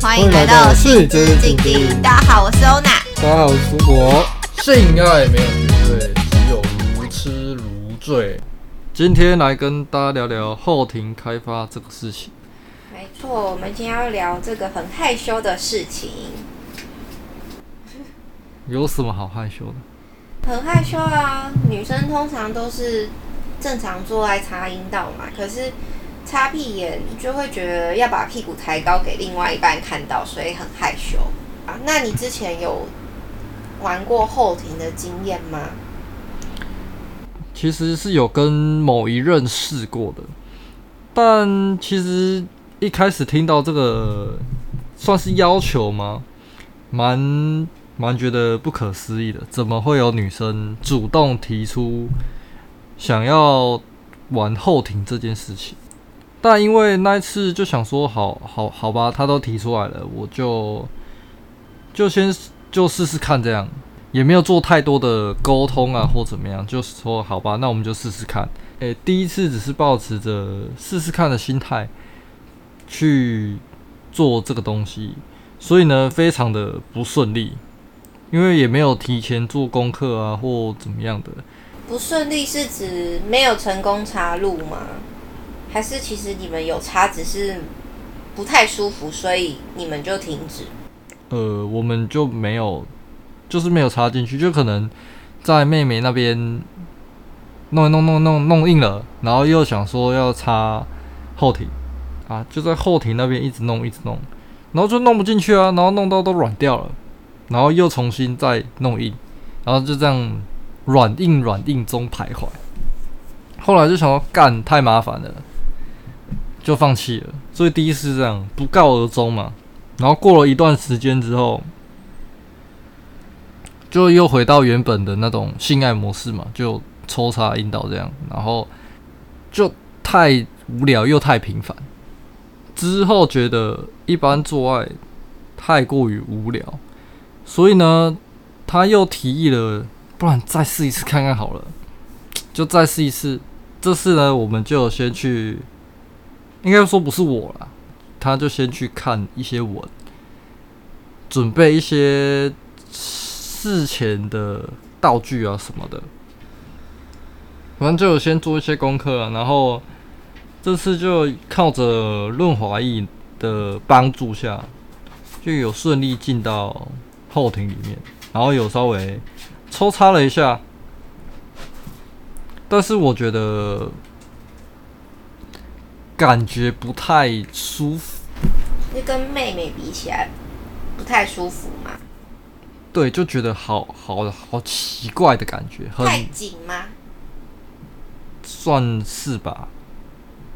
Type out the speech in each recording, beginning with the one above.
歡迎來到四隻靜靜。大家好，我是歐娜。大家好，我是蘇果。性愛沒有絕對，只有如癡如醉。今天來跟大家聊聊後庭開發這個事情。沒錯，我們今天要聊這個很害羞的事情。有什麼好害羞的？很害羞啊！女生通常都是。正常做愛插陰道嘛，可是插屁眼就會覺得要把屁股抬高給另外一半看到，所以很害羞啊。那你之前有玩過後庭的經驗嗎？其實是有跟某一任試過的，但其實一開始聽到這個算是要求嗎？蠻蠻覺得不可思議的，怎麼會有女生主動提出？想要玩後庭這件事情，但因為那一次就想說好好好吧，他都提出來了，我就就先就試試看，這樣也沒有做太多的溝通啊或怎麼樣，就說好吧，那我們就試試看，欸。哎，第一次只是抱持着試試看的心態去做這個東西，所以呢，非常的不順利，因為也沒有提前做功課啊或怎麼樣的。不順利是指沒有成功插入嗎？還是其實你們有插，只是不太舒服，所以你們就停止？呃，我們就沒有，就是沒有插進去，就可能在妹妹那邊弄一弄弄弄弄弄硬了，然後又想說要插後庭啊，就在後庭那邊一直弄一直弄，然後就弄不進去啊，然後弄到都軟掉了，然後又重新再弄硬，然後就這樣。軟硬軟硬中徘徊，後來就想要幹太麻煩了，就放棄了。所以第一次是這樣不告而終嘛。然後過了一段時間之後，就又回到原本的那種性愛模式嘛，就抽插引導這樣。然後就太無聊又太頻繁，之後覺得一般做愛太過於無聊，所以呢，他又提議了。不然再試一次看看好了，就再試一次。這次呢，我們就先去，應該說不是我啦，他就先去看一些文，準備一些事前的道具啊什麼的。反正就有先做一些功課、啊，然後這次就靠着潤滑液的幫助下，就有順利進到後庭裡面，然後有稍微。抽插了一下，但是我覺得感覺不太舒服。你跟妹妹比起來，不太舒服嘛？對，就覺得好好好奇怪的感覺，很緊嗎？算是吧，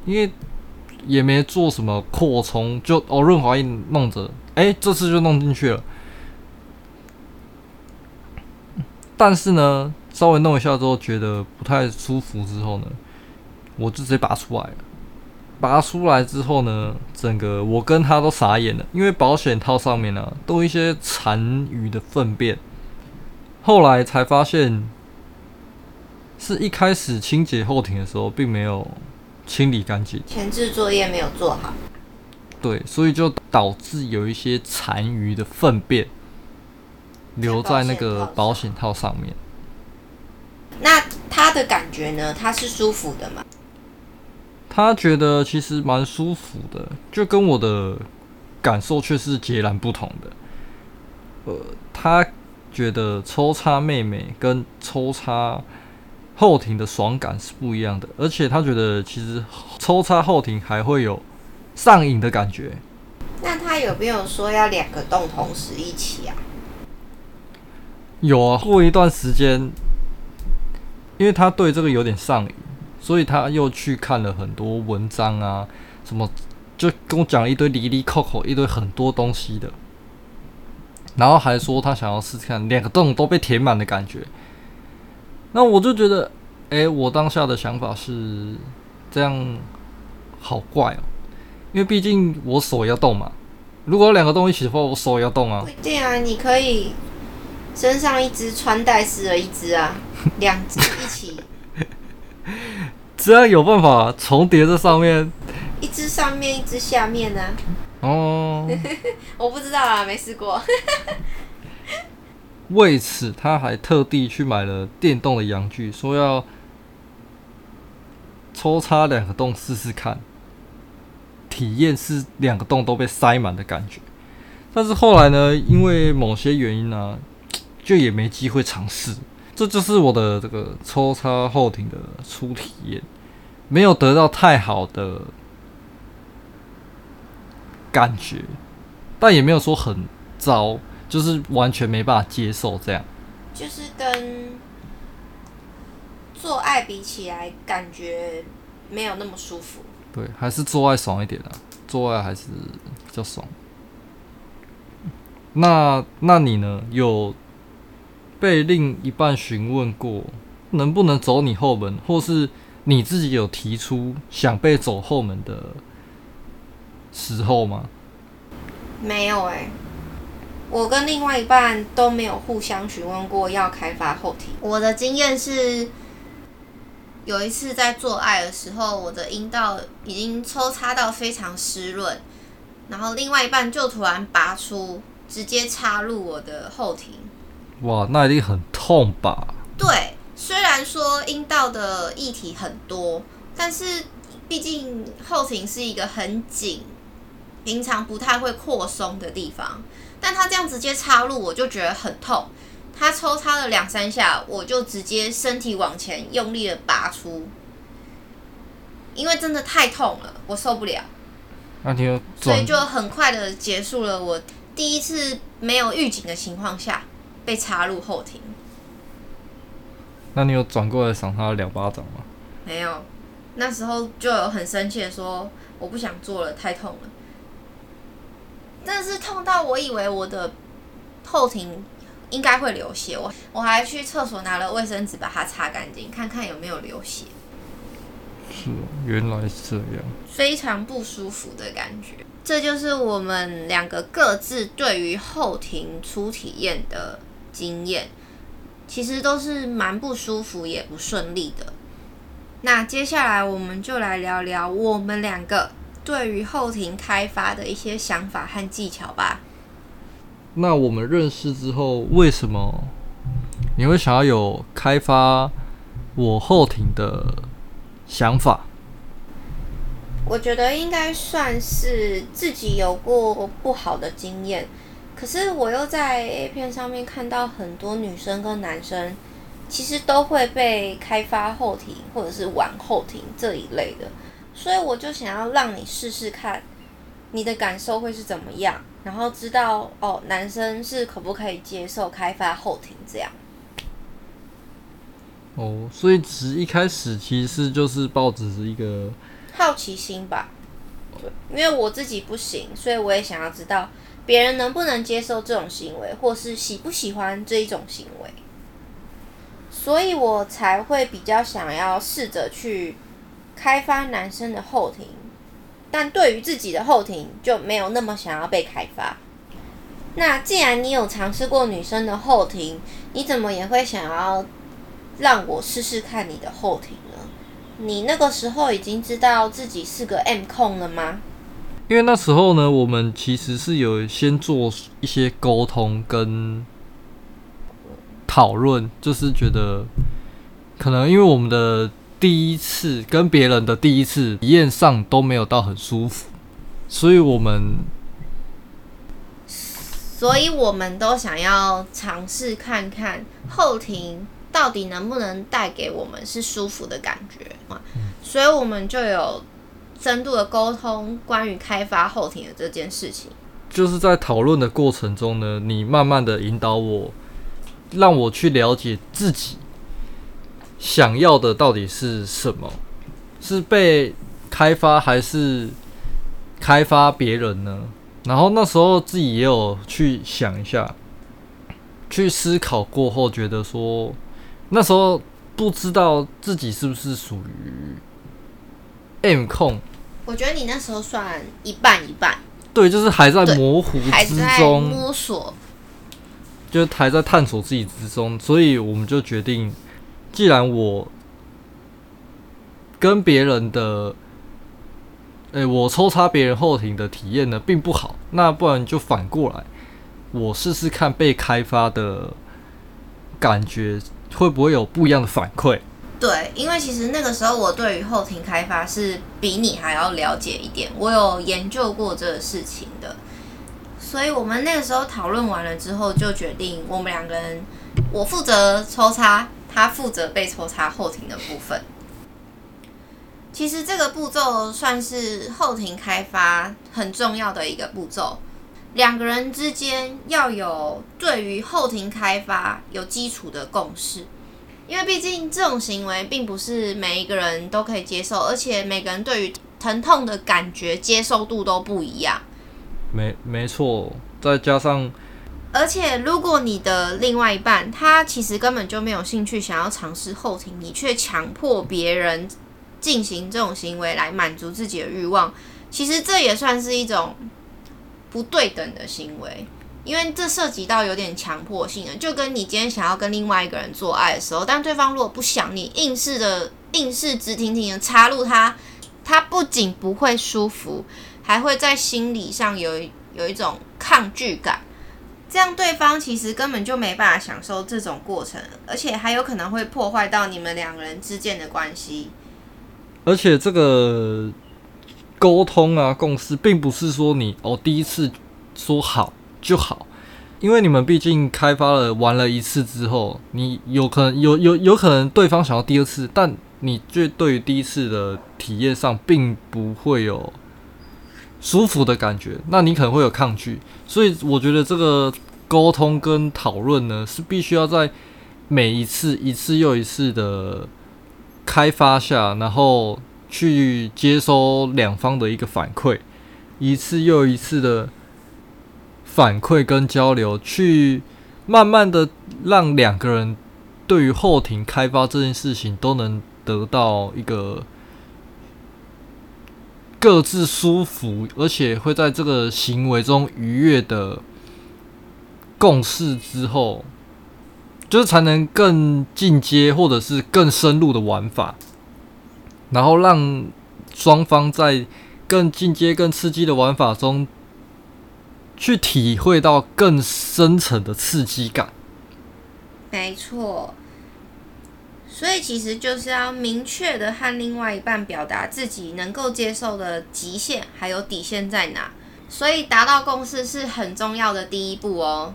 因為也沒做什麼擴充，就哦潤滑液弄着，哎、欸，這次就弄進去了。但是呢，稍微弄一下之後覺得不太舒服，之後呢，我就直接拔出來了。拔出來之後呢，整個我跟他都傻眼了，因為保險套上面呢、啊、都一些殘餘的糞便。後來才發現，是一開始清潔後庭的時候並沒有清理乾淨，前置作業沒有做好。對，所以就導致有一些殘餘的糞便。留在那個保險套上面。那他的感覺呢？他是舒服的嗎？他覺得其實蠻舒服的，就跟我的感受卻是截然不同的。呃，他覺得抽插妹妹跟抽插後庭的爽感是不一樣的，而且他覺得其實抽插後庭還會有上癮的感覺。那他有沒有說要兩個洞同時一起啊？有啊，過一段時間，因為他對這個有點上癮，所以他又去看了很多文章啊，什麼就跟我講了一堆離離口口一堆很多東西的，然後還說他想要試試看兩個洞都被填滿的感覺。那我就覺得，哎、欸，我當下的想法是這樣，好怪哦、啊，因為畢竟我手要動嘛，如果兩個洞一起的話，我手要動啊。對啊，你可以。身上一隻，穿戴式的一隻啊，兩隻一起。只要 有辦法重疊在上，上面？一隻上面，一隻下面呢、啊？哦、oh， 我不知道啊，沒試過。 為此，他還特地去買了電動的陽具，說要抽插兩個洞試試看，體驗是兩個洞都被塞滿的感覺。但是後來呢，因為某些原因呢、啊。就也沒機會嘗試，這就是我的這個抽插後庭的初體驗，沒有得到太好的感覺，但也沒有說很糟，就是完全沒辦法接受這樣。就是跟做愛比起來，感覺沒有那麼舒服。對，還是做愛爽一點啊？做愛還是比較爽。那那你呢？有？被另一半詢問過能不能走你後門，或是你自己有提出想被走後門的時候嗎？沒有哎、欸，我跟另外一半都沒有互相詢問過要開發後庭。我的經驗是，有一次在做愛的時候，我的陰道已經抽插到非常濕潤，然後另外一半就突然拔出，直接插入我的後庭。哇，那一定很痛吧？對，雖然說陰道的液體很多，但是畢竟後庭是一個很緊、平常不太會擴鬆的地方。但他這樣直接插入，我就覺得很痛。他抽插了兩三下，我就直接身體往前用力的拔出，因為真的太痛了，我受不了。那就，所以就很快的結束了，我第一次沒有預警的情況下。被插入後庭，那你有轉過來賞他兩巴掌嗎？沒有，那時候就有很生氣的說：“我不想做了，太痛了。”但是痛到我以為我的後庭應該會流血，我我還去廁所拿了衛生紙把它擦乾淨，看看有沒有流血。是哦，原來是這樣，非常不舒服的感覺。這就是我們兩個各自對於後庭初體驗的經驗其實都是蠻不舒服，也不順利的。那接下來我們就來聊聊我們兩個對於後庭開發的一些想法和技巧吧。那我們認識之後，為什麼你會想要有開發我後庭的想法？我覺得應該算是自己有過不好的經驗。可是我又在 A 片上面看到很多女生跟男生，其實都會被開發後庭或者是玩後庭這一類的，所以我就想要讓你試試看，你的感受會是怎麼樣，然後知道哦，男生是可不可以接受開發後庭這樣？哦，所以只一開始其實就是抱著一個好奇心吧，對，因為我自己不行，所以我也想要知道，別人能不能接受這種行為，或是喜不喜歡這一種行為，所以我才會比較想要試着去開發男生的後庭，但對於自己的後庭就沒有那麼想要被開發。那既然你有嘗試過女生的後庭，你怎麼也會想要讓我試試看你的後庭呢？你那個時候已經知道自己是個 M 控了嗎？因為那時候呢，我們其實是有先做一些溝通跟討論，就是覺得可能因為我們的第一次跟別人的第一次體驗上都沒有到很舒服，所以我們所以我們都想要嘗試看看後庭到底能不能帶給我們是舒服的感覺，所以我們就有。深度的溝通關於開發後庭的這件事情，就是在討論的過程中呢，你慢慢的引導我，讓我去了解自己想要的到底是什麼，是被開發還是開發別人呢？然後那時候自己也有去想一下，去思考過後，覺得說那時候不知道自己是不是屬於。M 控，我覺得你那時候算一半一半。對，就是還在模糊之中。還在摸索，就還在探索自己之中，所以我們就決定，既然我跟別人的，哎、欸，我抽插別人後庭的體驗呢並不好，那不然就反過來，我試試看被開發的感覺會不會有不一樣的反饋。對，因為其實那個時候我對於後庭開發是比你還要了解一點，我有研究過這個事情的，所以我們那個時候討論完了之後，就決定我們兩個人，我負責抽插，他負責被抽插後庭的部分。其實這個步驟算是後庭開發很重要的一個步驟，兩個人之間要有對於後庭開發有基礎的共識。因為畢竟這種行為並不是每一個人都可以接受，而且每個人對於疼痛的感覺、接受度都不一樣。沒沒錯，再加上，而且如果你的另外一半他其實根本就沒有興趣想要嘗試後庭，你卻強迫別人進行這種行為來滿足自己的欲望，其實這也算是一種不對等的行為。因為這涉及到有點強迫性的，就跟你今天想要跟另外一個人做愛的時候，但對方如果不想，你硬是的硬是直挺挺的插入他，他不僅不會舒服，還會在心理上有一有一種抗拒感，這樣對方其實根本就沒辦法享受這種過程，而且還有可能會破壞到你們兩個人之間的關係。而且這個溝通啊、共識，並不是說你哦第一次說好。就好，因為你們畢竟開發了玩了一次之後，你有可能有有有可能對方想要第二次，但你就對於第一次的體驗上，並不會有舒服的感覺，那你可能會有抗拒。所以我覺得這個溝通跟討論呢，是必須要在每一次一次又一次的開發下，然後去接收兩方的一個反饋，一次又一次的。反饋跟交流，去慢慢的讓兩個人對於後庭開發這件事情都能得到一個各自舒服，而且會在這個行為中愉悅的共識之後，就是才能更進階或者是更深入的玩法，然後讓雙方在更進階、更刺激的玩法中，去體會到更深層的刺激感。沒錯，所以其實就是要明確的和另外一半表達自己能夠接受的極限，還有底線在哪。所以達到共識是很重要的第一步哦。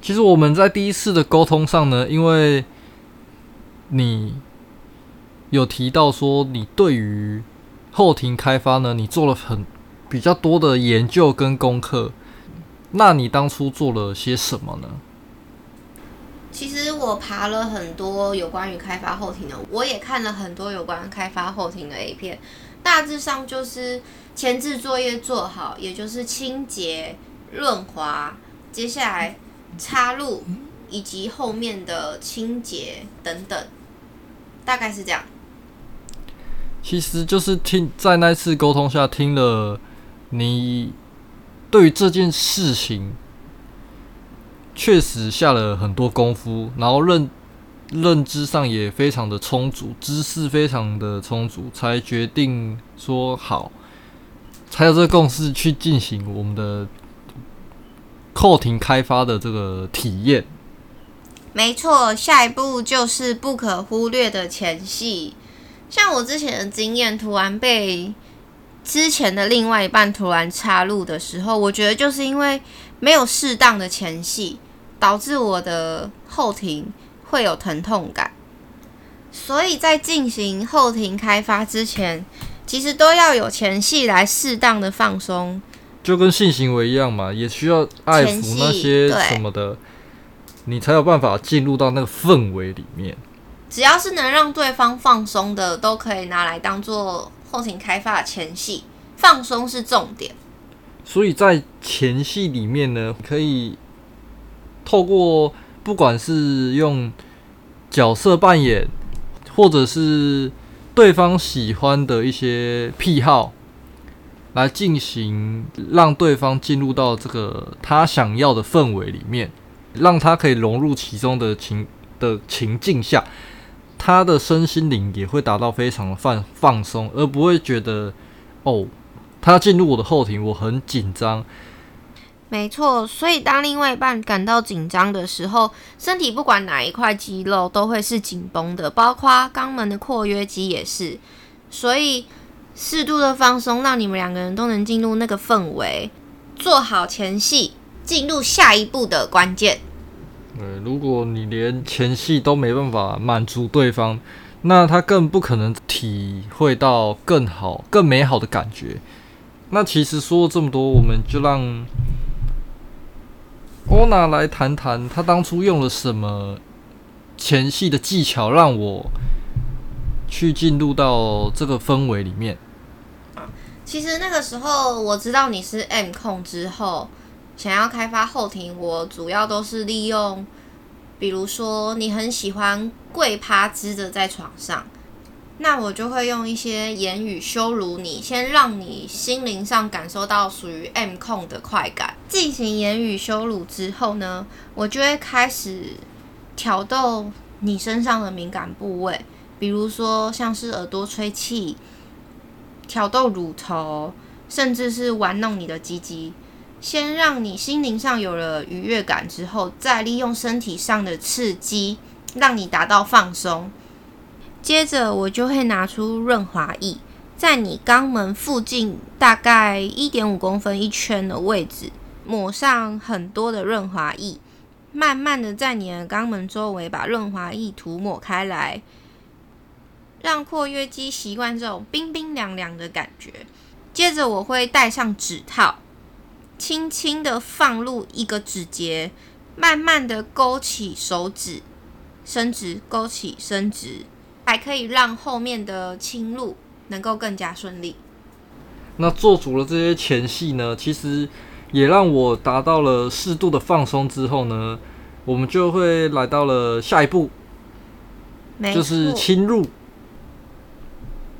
其實我們在第一次的溝通上呢，因為你有提到說你對於後庭開發呢，你做了很比較多的研究跟功課。那你當初做了些什麼呢？其實我爬了很多有關於開發後庭的，我也看了很多有關開發後庭的 A 片，大致上就是前置作業做好，也就是清潔、潤滑，接下來插入以及後面的清潔等等，大概是這樣。其實就是聽在那次溝通下聽了你，對於這件事情，確實下了很多功夫，然後認認知上也非常的充足，知識非常的充足，才決定說好，才有這個共識去進行我們的後庭開發的這個體驗。沒錯，下一步就是不可忽略的前戲。像我之前的經驗，突然被。之前的另外一半突然插入的時候，我覺得就是因為沒有適當的前戲，導致我的後庭會有疼痛感。所以在進行後庭開發之前，其實都要有前戲來適當的放鬆。就跟性行為一樣嘛，也需要愛撫那些什麼的，你才有辦法進入到那個氛圍裡面。只要是能讓對方放鬆的，都可以拿來當做。後庭開發前戲放鬆是重點，所以在前戲裡面呢，可以透過不管是用角色扮演，或者是對方喜歡的一些癖好，來進行讓對方進入到這個他想要的氛圍裡面，讓他可以融入其中的情的情境下，他的身心靈也會達到非常的放放鬆，而不會覺得哦，他進入我的後庭，我很緊張。沒錯，所以當另外一半感到緊張的時候，身體不管哪一塊肌肉都會是緊繃的，包括肛門的括約肌也是。所以適度的放鬆，讓你們兩個人都能進入那個氛圍，做好前戲，進入下一步的關鍵。對，嗯，如果你連前戲都沒辦法滿足對方，那他更不可能體會到更好、更美好的感覺。那其實說了這麼多，我們就讓歐娜來談談她當初用了什麼前戲的技巧，讓我去進入到這個氛圍裡面。其實那個時候我知道你是 M 控之後。想要開發後庭，我主要都是利用，比如說你很喜歡跪趴姿的在床上，那我就會用一些言語羞辱你，先讓你心靈上感受到屬於 M 控的快感。進行言語羞辱之後呢，我就會開始挑逗你身上的敏感部位，比如說像是耳朵吹氣，挑逗乳頭，甚至是玩弄你的雞雞。先讓你心靈上有了愉悅感之後，再利用身體上的刺激，讓你達到放鬆。接着，我就會拿出潤滑液，在你肛門附近大概一點五公分一圈的位置抹上很多的潤滑液，慢慢的在你的肛門周圍把潤滑液塗抹開來，讓括約肌習慣這種冰冰涼涼的感覺。接着，我會戴上指套。輕輕的放入一個指節，慢慢的勾起手指，伸直，勾起，伸直，還可以讓後面的侵入能夠更加順利。那做足了這些前戲呢，其實也讓我達到了適度的放鬆之後呢，我們就會來到了下一步，錯就是侵入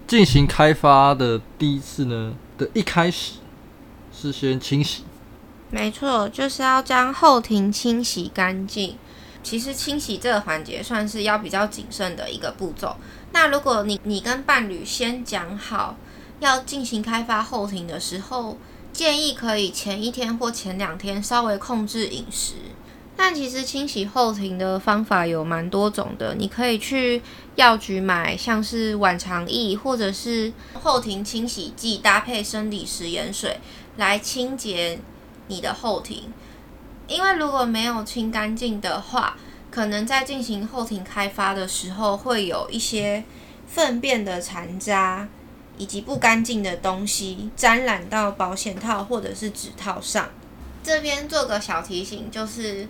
進行開發的第一次呢的一開始是先清洗。沒錯，就是要將後庭清洗乾淨。其實清洗這個環節算是要比較謹慎的一個步驟。那如果你你跟伴侶先講好要進行開發後庭的時候，建議可以前一天或前兩天稍微控制飲食。但其實清洗後庭的方法有蠻多種的，你可以去藥局買，像是浣腸液，或者是後庭清洗劑，搭配生理食鹽水來清潔你的後庭，因為如果沒有清乾淨的話，可能在進行後庭開發的時候，會有一些糞便的殘渣以及不乾淨的東西沾染到保險套或者是指套上。這邊做個小提醒，就是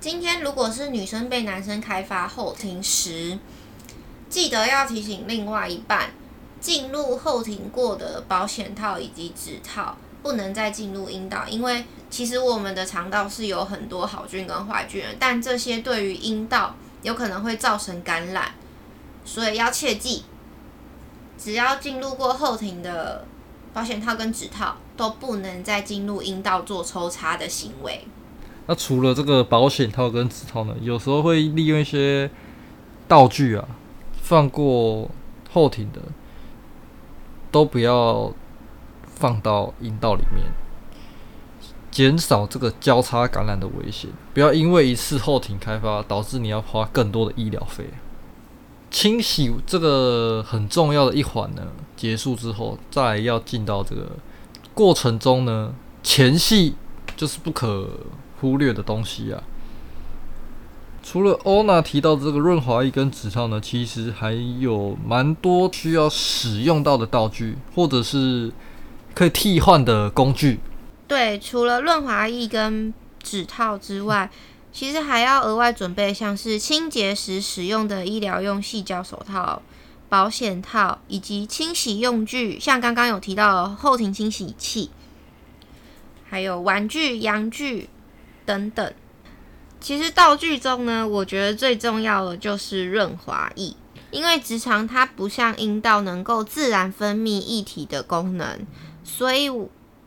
今天如果是女生被男生開發後庭時，記得要提醒另外一半進入後庭過的保險套以及指套，不能再進入陰道，因為其實我們的腸道是有很多好菌跟壞菌的，但這些對於陰道有可能會造成感染，所以要切記，只要進入過後庭的保險套跟指套，都不能再進入陰道做抽插的行為。那除了這個保險套跟指套呢，有時候會利用一些道具啊，放過後庭的，都不要。放到陰道裡面，減少這個交叉感染的危險。不要因為一次後庭開發導致你要花更多的醫療費。清洗這個很重要的一環呢，結束之後再要進到這個過程中呢，前戲就是不可忽略的東西啊。除了歐娜提到的這個潤滑液跟指套呢，其實還有蠻多需要使用到的道具，或者是。可以替換的工具，對，除了潤滑液跟指套之外，其實還要額外準備像是清潔時使用的醫療用矽膠手套、保險套以及清洗用具，像剛剛有提到的後庭清洗器，還有玩具、陽具等等。其實道具中呢，我覺得最重要的就是潤滑液，因為直腸它不像陰道能夠自然分泌液體的功能。所以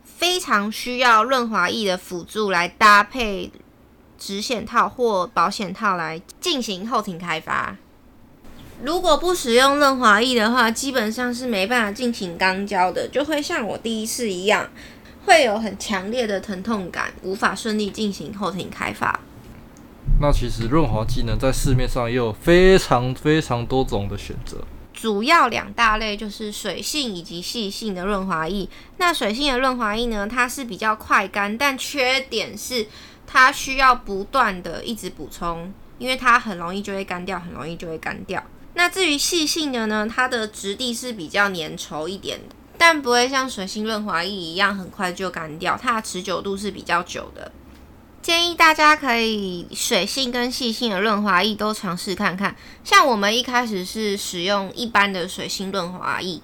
非常需要潤滑液的輔助來搭配指險套或保險套來進行後庭開發。如果不使用潤滑液的話，基本上是沒辦法進行肛交的，就會像我第一次一樣，會有很強烈的疼痛感，無法順利進行後庭開發。那其實潤滑劑呢，在市面上也有非常非常多種的選擇。主要兩大類就是水性以及矽性的潤滑液。那水性的潤滑液呢，它是比較快乾，但缺點是它需要不斷的一直補充，因為它很容易就會乾掉，很容易就會乾掉。那至於矽性的呢，它的質地是比較粘稠一點的，但不會像水性潤滑液一樣很快就乾掉，它的持久度是比較久的。建議大家可以水性跟矽性的潤滑液都嘗試看看。像我們一開始是使用一般的水性潤滑液，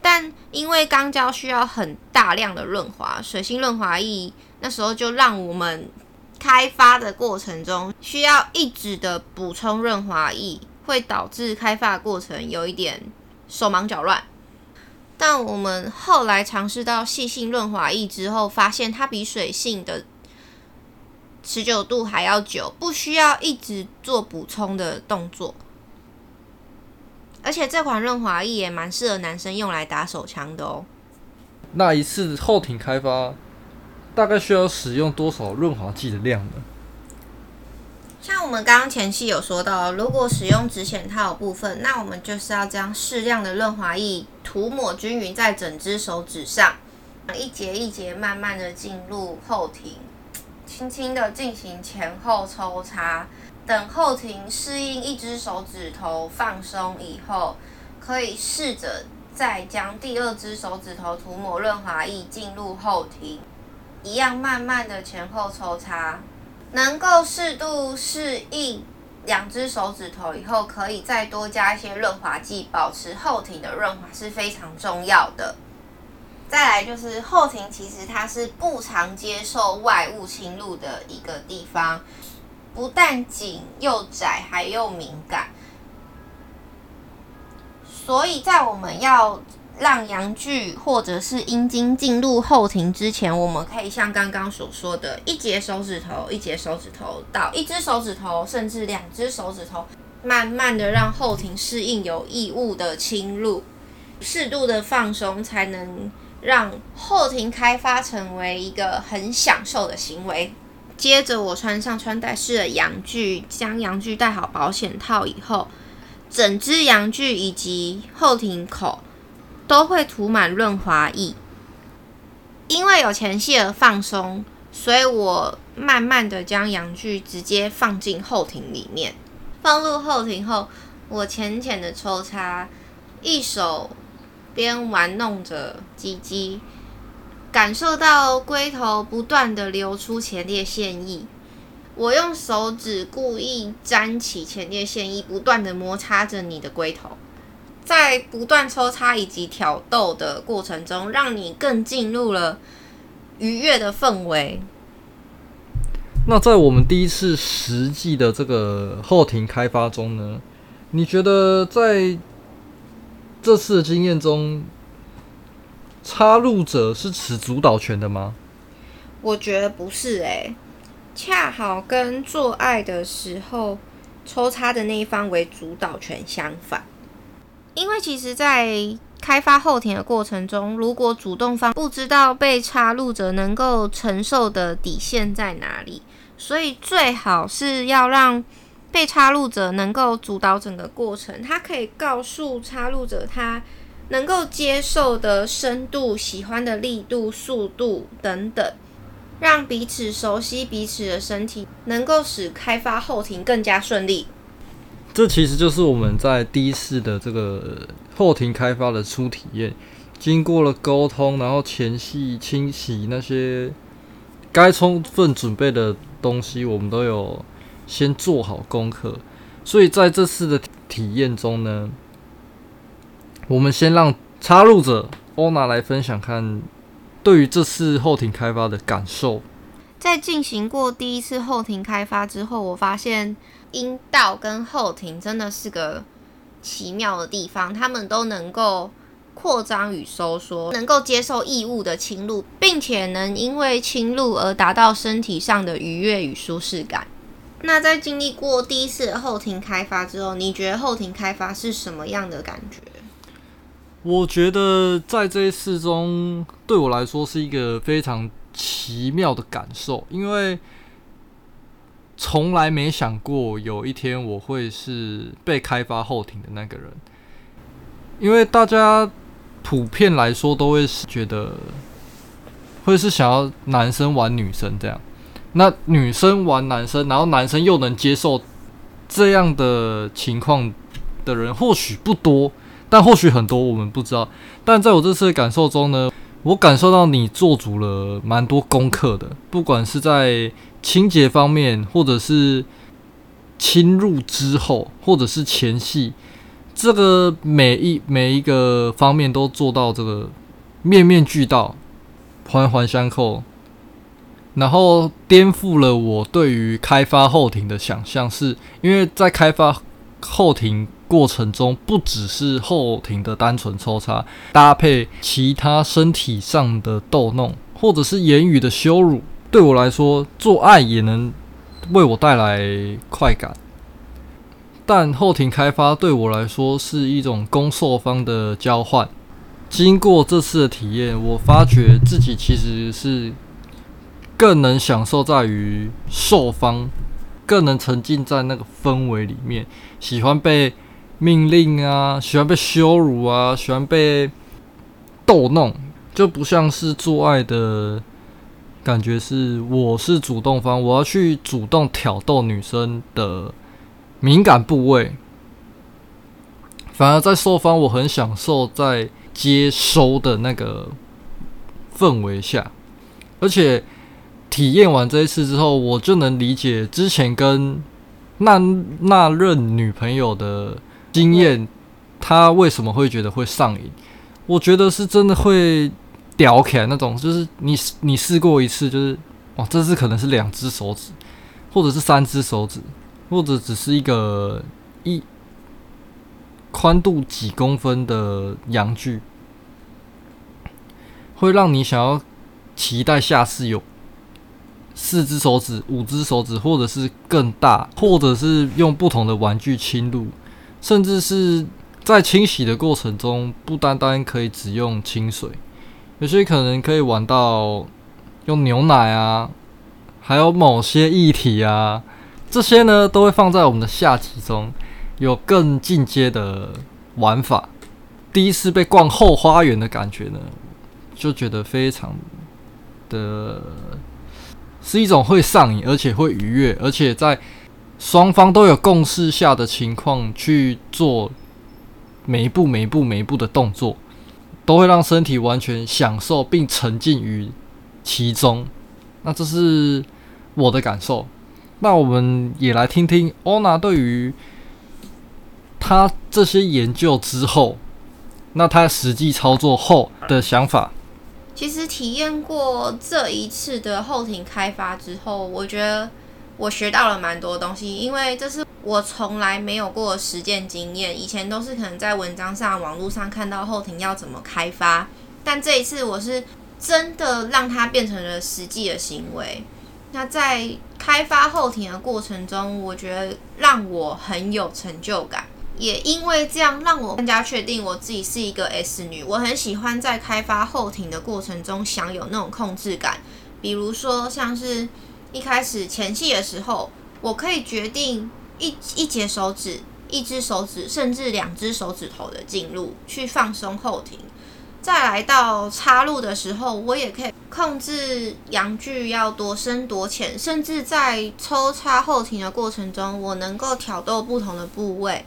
但因為肛交需要很大量的潤滑，水性潤滑液那時候就讓我們開發的過程中需要一直的補充潤滑液，會導致開發的過程有一點手忙腳亂。但我們後來嘗試到矽性潤滑液之後，發現它比水性的。持久度還要久，不需要一直做補充的動作。而且這款潤滑液也蠻適合男生用來打手槍的哦。那一次後庭開發，大概需要使用多少潤滑劑的量呢？像我們剛剛前期有說到，如果使用指險套的部分，那我們就是要將適量的潤滑液塗抹均勻在整隻手指上，一節一節慢慢的進入後庭，輕輕的進行前後抽插，等後庭適應一隻手指頭放鬆以後，可以試着再將第二隻手指頭塗抹潤滑液進入後庭，一樣慢慢的前後抽插，能夠適度適應兩隻手指頭以後，可以再多加一些潤滑劑，保持後庭的潤滑是非常重要的。再來就是後庭，其實它是不常接受外物侵入的一個地方，不但緊又窄，還又敏感。所以在我們要讓陽具或者是陰莖進入後庭之前，我們可以像剛剛所說的，一節手指頭、一節手指頭到一隻手指頭，甚至兩隻手指頭，慢慢的讓後庭適應有異物的侵入，適度的放鬆，才能。讓後庭開發成為一個很享受的行為。接着，我穿上穿戴式的陽具，將陽具戴好保險套以後，整只陽具以及後庭口都會塗滿潤滑液。因為有前戲而放鬆，所以我慢慢的將陽具直接放進後庭裡面。放入後庭後，我淺淺的抽插，一手。邊玩弄着雞雞，感受到龜頭不斷地流出前列腺液，我用手指故意沾起前列腺液，不斷地摩擦着你的龜頭，在不斷抽插以及挑逗的過程中，讓你更進入了愉悅的氛圍。那在我們第一次實際的這個後庭開發中呢，你覺得在這次的經驗中，插入者是持主導權的嗎？我覺得不是誒、欸，恰好跟做愛的時候抽插的那一方為主導權相反。因為其實，在開發後庭的過程中，如果主動方不知道被插入者能夠承受的底線在哪裡，所以最好是要讓。被插入者能夠主導整個過程，他可以告訴插入者他能夠接受的深度、喜歡的力度、速度等等，讓彼此熟悉彼此的身體，能夠使開發後庭更加順利。這其實就是我們在第一次的這個後庭開發的初體驗。經過了溝通，然後前戲清洗、那些該充分準備的東西，我們都有。先做好功課，所以在這次的體驗中呢，我們先讓插入者歐娜來分享看對於這次後庭開發的感受。在進行過第一次後庭開發之後，我發現陰道跟後庭真的是個奇妙的地方，他們都能夠擴張與收縮，能夠接受異物的侵入，並且能因為侵入而達到身體上的愉悅與舒適感。那在經歷過第一次後庭開發之後，你覺得後庭開發是什麼樣的感覺？我覺得在這一世中，對我來說是一個非常奇妙的感受，因為從來沒想過有一天我會是被開發後庭的那個人。因為大家普遍來說都會是覺得，會是想要男生玩女生這樣。那女生玩男生，然後男生又能接受這樣的情況的人，或許不多，但或許很多，我們不知道。但在我這次的感受中呢，我感受到你做足了蠻多功課的，不管是在清潔方面，或者是侵入之後，或者是前戲，這個每一每一個方面都做到這個面面俱到，環環相扣。然後顛覆了我對於開發後庭的想象，是因為在開發後庭過程中，不只是後庭的單純抽插，搭配其他身體上的逗弄，或者是言語的羞辱，對我來說，做愛也能為我帶來快感。但後庭開發對我來說是一種攻受方的交換。經過這次的體驗，我發覺自己其實是。更能享受在於受方，更能沉浸在那個氛圍裡面。喜歡被命令啊，喜歡被羞辱啊，喜歡被逗弄，就不像是做愛的感覺，是我是主動方，我要去主動挑逗女生的敏感部位。反而在受方，我很享受在接收的那個氛圍下，而且。體驗完這一次之後，我就能理解之前跟那那任女朋友的經驗，她為什麼會覺得會上癮。我覺得是真的會屌起來那種，就是你你試過一次，就是哇，這次可能是兩隻手指，或者是三隻手指，或者只是一個一寬度幾公分的陽具，會讓你想要期待下次有。四隻手指、五隻手指，或者是更大，或者是用不同的玩具侵入，甚至是在清洗的過程中，不單單可以只用清水，有些可能可以玩到用牛奶啊，還有某些液體啊，這些呢都會放在我們的下集中有更進階的玩法。第一次被逛後花園的感覺呢，就覺得非常的。是一種會上癮，而且會愉悅，而且在雙方都有共識下的情況去做每一步、每一步、每一步的動作，都會讓身體完全享受並沉浸於其中。那這是我的感受。那我們也來聽聽歐娜對於他這些研究之後，那他實際操作後的想法。其實體驗過這一次的後庭開發之後，我覺得我學到了蠻多東西，因為這是我從來沒有過的實踐經驗。以前都是可能在文章上、網絡上看到後庭要怎麼開發，但這一次我是真的讓它變成了實際的行為。那在開發後庭的過程中，我覺得讓我很有成就感。也因為這樣，讓我更加確定我自己是一個 S 女。我很喜歡在開發後庭的過程中享有那種控制感。比如說，像是一開始前戲的時候，我可以決定一一節手指、一隻手指，甚至兩隻手指頭的進入，去放鬆後庭。再來到插入的時候，我也可以控制陽具要多深多淺，甚至在抽插後庭的過程中，我能夠挑逗不同的部位。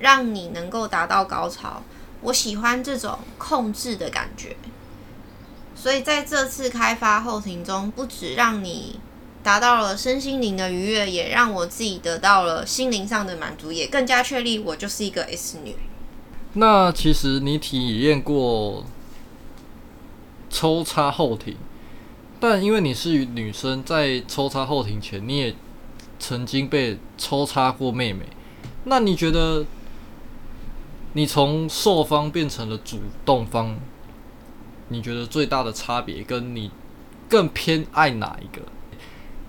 讓你能夠達到高潮，我喜歡這種控制的感覺，所以在這次開發後庭中，不止讓你達到了身心靈的愉悅，也讓我自己得到了心靈上的滿足，也更加確立我就是一個 S 女。那其實你體驗過抽插後庭，但因為你是女生，在抽插後庭前，你也曾經被抽插過妹妹，那你覺得？你從受方變成了主動方，你覺得最大的差別跟你更偏愛哪一個？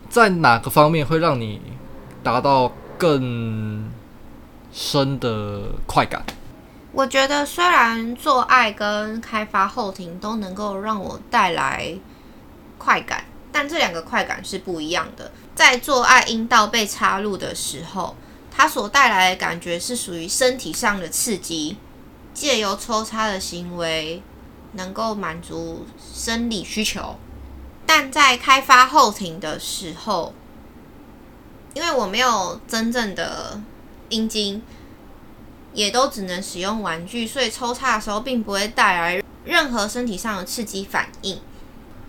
在哪個方面會讓你達到更深的快感？我覺得雖然做愛跟開發後庭都能夠讓我帶來快感，但這兩個快感是不一樣的。在做愛陰道被插入的時候，它所帶來的感覺是屬於身體上的刺激，借由抽插的行為能夠滿足生理需求。但在開發後庭的時候，因為我沒有真正的陰莖，也都只能使用玩具，所以抽插的時候並不會帶來任何身體上的刺激反應。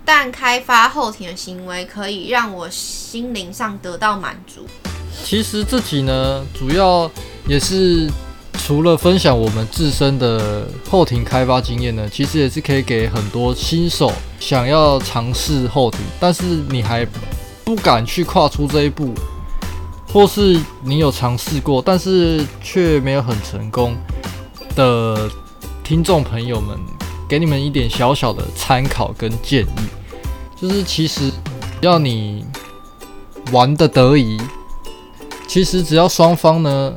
但開發後庭的行為可以讓我心靈上得到滿足。其實這集呢，主要也是除了分享我們自身的後庭開發經驗呢，其實也是可以給很多新手想要嘗試後庭，但是你還不敢去跨出這一步，或是你有嘗試過，但是卻沒有很成功的聽眾朋友們，給你們一點小小的參考跟建議，就是其實要你玩得得宜。其實只要雙方呢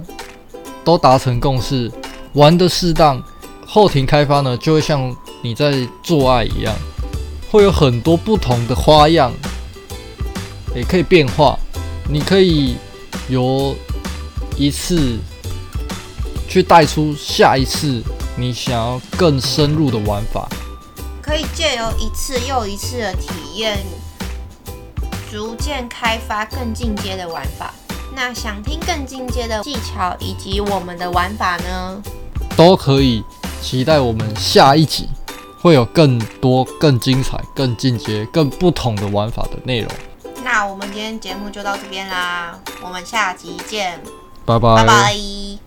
都達成共識，玩的適當，後庭開發呢就會像你在做愛一樣，會有很多不同的花樣，也可以變化。你可以由一次去帶出下一次你想要更深入的玩法，可以借由一次又一次的體驗，逐漸開發更進階的玩法。那想聽更進階的技巧以及我們的玩法呢，都可以期待我們下一集會有更多、更精彩、更進階、更不同的玩法的內容。那我們今天節目就到這邊啦，我們下集見，拜拜拜拜。Bye bye